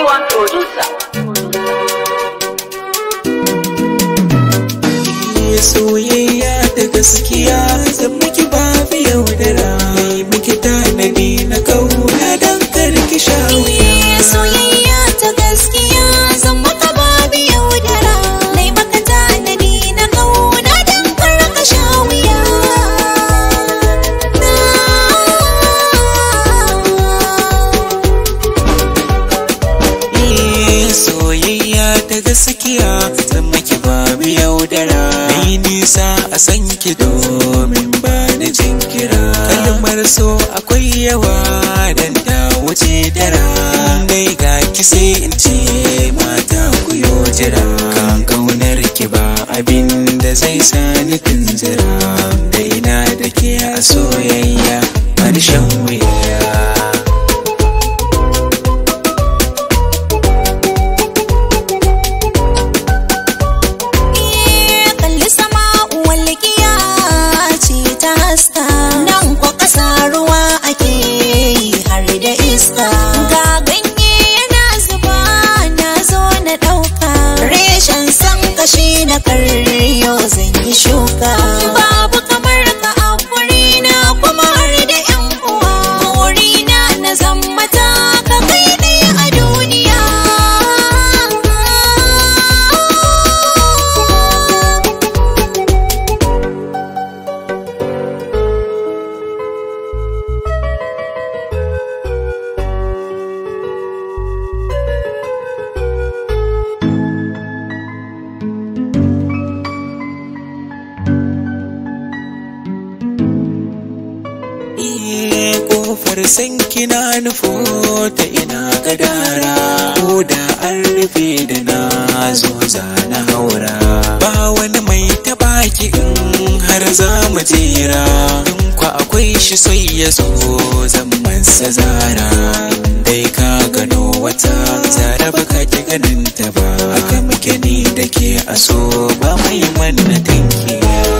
B1 Soyayya da gaskiya zan babu yaudara Mai tanadi na kauna don karki sha Soyayya ta gaskiya gaskiya zan miki babu yaudara ni nisa a san ki domin ba ni jinkira kalmar so akwai yawa dan ta wuce dara dai ga ki sai in ce mata ku yo jira kan kaunar ki ba abin da zai sani machucar kofar sanki na nufo ta ina gadara ko da an rufe da na zo na haura ba wani mai ta baki in har za mu jera in ku akwai shi sai ya zo zan sa zara dai ka gano wata zara baka ki ganin ta ba haka muke ni da ke aso ba mai mannatin tankiya.